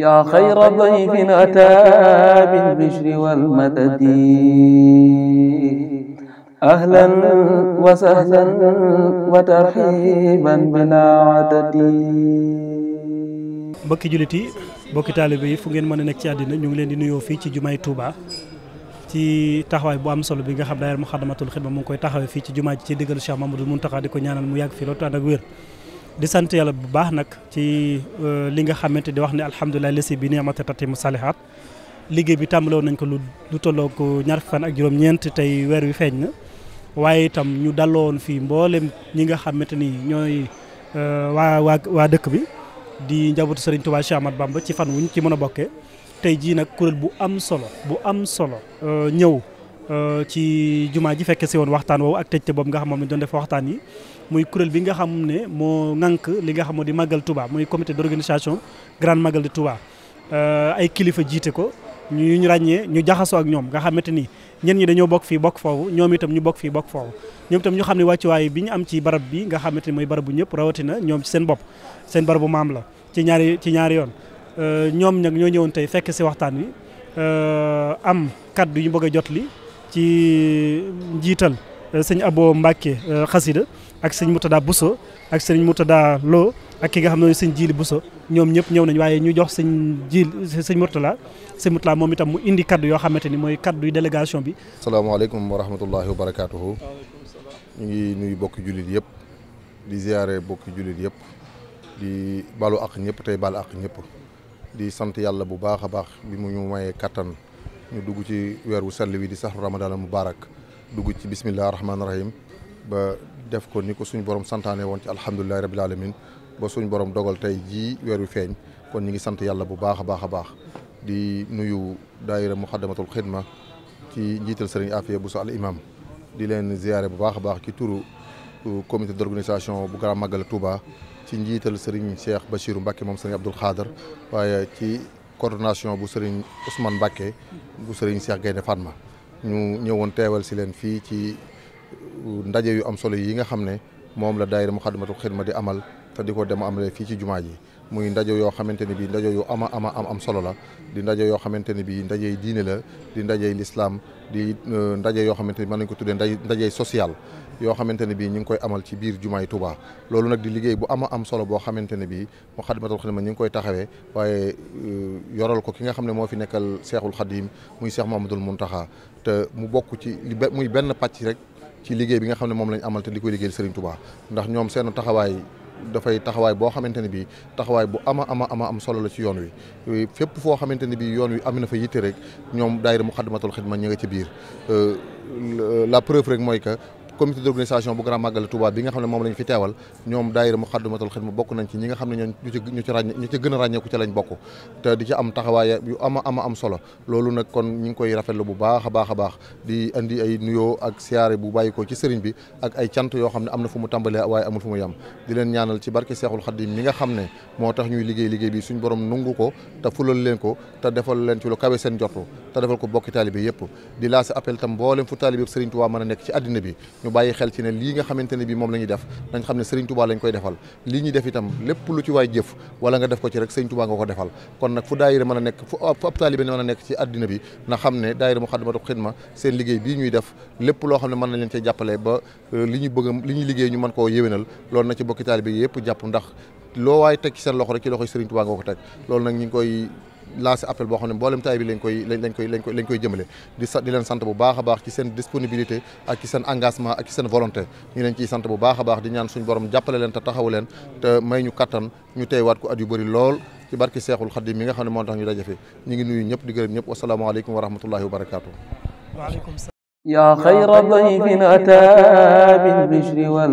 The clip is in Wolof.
yaa xayra dayfin ataa bil bishri wal madadi ahlan wa sahlan wa tarxiiban bilaa adadi mbokki jullit yi mbokki yi fu ngeen mën a nekk ci àddina ñu ngi leen di nuyoo fii ci jumaay Touba ci taxawaay bu am solo bi nga xam daayira Muxaddamatul Xidma mu ngi koy taxawee fii ci jumaa ji ci diggalu Cheikh Mamadou Muntaxa di ko ñaanal mu yàgg fii loolu ànd ak wér di sant yàlla bu baax nag ci euh, li nga xamante di wax ne alhamdulilah lesi bi ni'mati tatimu salihat liggéey bi tàmbaloon nañ ko lu lu tolloo ko ñaar fan ak juróom-ñeent tey weer wi feeñ na waaye itam ñu daloon fii mbooleem ñi nga xamante ni ñooy euh, waa waa waa dëkk bi di njabootu Serigne Touba Cheikh Ahmad Bamba ci fan wuñ ci mën a bokke tey jii nag kuréel bu am solo bu am solo euh, ñëw. Euh, ci jumaa ji fekk si woon waxtaan woowu ak te boobu nga xam moom lañ doon def waxtaan yi muy kuréel bi nga xam ne moo ŋànk li nga xam moo di màggal Touba muy comité d'organisation Grand Magal de Touba euh, ay kilifa jiite ko ñu ñu ràññee ñu jaxasoo ak ñoom nga xamante ni ñen ñi dañoo bokk fii bokk foofu ñoom itam ñu bokk fii bokk foofu ñoom itam ñu xam ne wàccuwaay bi ñu am ci barab bi nga xamante ni mooy barab bu ñëpp rawatina ñoom seen bopp seen barabu maam la ci ñaari ci ñaari yoon euh, ñoom nag ñoo ñëwoon tey fekk si waxtaan wi am kaddu ci njiital eh, sëñ Abo Mbacke eh, xasida ak sëñ Moutada Bousso ak sëñ Moutada Lo ak ki nga xam ne sëñ Jili Bousso ñoom ñëpp ñëw nañ waaye ñu jox sëñ Jili sëñ Moutala sëñ Moutala moom itam mu indi kaddu yoo xamante ni mooy kaddu yu délégation bi. salaamaaleykum wa rahmatullahi wa barakaatuhu. ñu ngi nuyu bokki jullit yëpp di ziare bokki jullit yëpp di balu ak ñëpp tey bal ak ñëpp di sant yàlla bu baax a baax bi mu ñu mayee kattan. ñu dugg ci weer wu sell wii di saxru ramadan al mubarak dugg ci bismillah rahmaani rahim ba def ko ni ko suñu borom santaane woon ci alhamdulilahi rabil alamin ba suñu borom dogal tey jii weer wi feeñ kon ñu ngi sant yàlla bu baax a baax a baax di nuyu daayira muxaddamatul xidma ci njiital sëriñ afiya bu sa al imam di leen ziyaare bu baax a baax ci turu comité d'organisation bu Grand Magal Touba ci njiital sëriñ Cheikh Bachirou Mbacke moom sëriñ Abdoul Khader waaye ci coordination bu sëriñ Ousmane Mbacké bu sëriñ Cheikh Gaynde Fatma ñu ñëwoon teewal si leen fii ci uh, ndaje yu am solo yi nga xam ne moom la daayira Muxaddamatul Xidma di amal te di ko dem am amalee fii ci jumaa ji muy ndaje yoo xamante ne bii ndaje yu ama ama am am solo la di ndaje yoo xamante ne bii ndajey diine la di ndajey lislaam di uh, ndaje yoo xamante ne mën nañ ko tuddee ndajey social yoo xamante ne bii ñu ngi koy amal ci biir jumaay Touba loolu nag di liggéey bu ama am solo boo xamante ne bii Moukhaddamatoul Khidma ñu ngi koy taxawee waaye euh, yoral ko ki nga xam ne moo fi nekkal Seexul Xadiim muy Seex Mamadul Muntaxa te mu bokk ci muy benn pàcc rek ci liggéey bi nga xam ne moom lañ amal te di koy liggéeyal Serigne Touba ñoom seen taxawaay dafay taxawaay boo xamante ne bii taxawaay bu ama ama ama am solo la ci yoon wi fépp foo xamante ne bii yoon wi am na fa yitte rek ñoom daayira Moukhaddamatoul Khidma ñu nga ci biir euh, la preuve rek mooy que comité d'organisation bu Grand Magal Touba bi nga xam ne moom lañu fi teewal ñoom daayira Muxaddamatul Xidma bokk nañ ci a am solo loolu nag kon ñu ngi koy rafetlu bu baax a baax a baax di ay nuyoo ak siyaare bu bàyyi ko ci sëriñ bi ak ay cant yoo xam ne am na fu mu tàmbalee waaye amul fu mu yem di leen ñaanal ci barke Seexul Xaddim mi nga xam ne moo tax ñuy liggéey liggéey bi suñ borom nungu ko te fulal leen ko te defal leen ci lu kawe seen jotu te defal ko bàyyi xel ci ne lii nga xamante ne bi moom la def nañ xam ne Serigne Touba lañ koy defal lii ñuy def itam lépp lu ci waay jëf wala nga def ko ci rek Serigne Touba nga ko defal kon nag fu daayira mën a nekk fu ab taalibe mën a nekk ci àddina bi na xam ne daayira Muxaddamatul Xidma seen liggéey bii ñuy def lépp loo xam ne mën nañ leen cee jàppale ba euh, li ñu bëgg li ñuy liggéey ñu mën koo yéwénal loolu na ci bokki taalibe yëpp jàpp ndax loo waay teg ci seen loxo rek ci loxo Serigne Touba nga loolu nag ñu ngi koy lancé appel boo xam ne mboolem taay bi lañ koy lañ koy lañ koy lañ di leen sant bu baax a baax ci seen disponibilité ak ci seen engagement ak ci seen volonté ñu leen ciy sant bu baax a baax di ñaan suñu borom jàppale leen te taxawu leen te may ñu kattan ñu teewaat ko at yu bëri lool ci barki Seexul Xadiim mi nga xam ne moo tax ñu daje fi ñu ngi nuyu ñëpp di gërëm ñëpp wasalaamaaleykum wa rahmatullahi wa barakaatu. waaleykum salaam. yaa xayra dayfin ataa bil bishri wal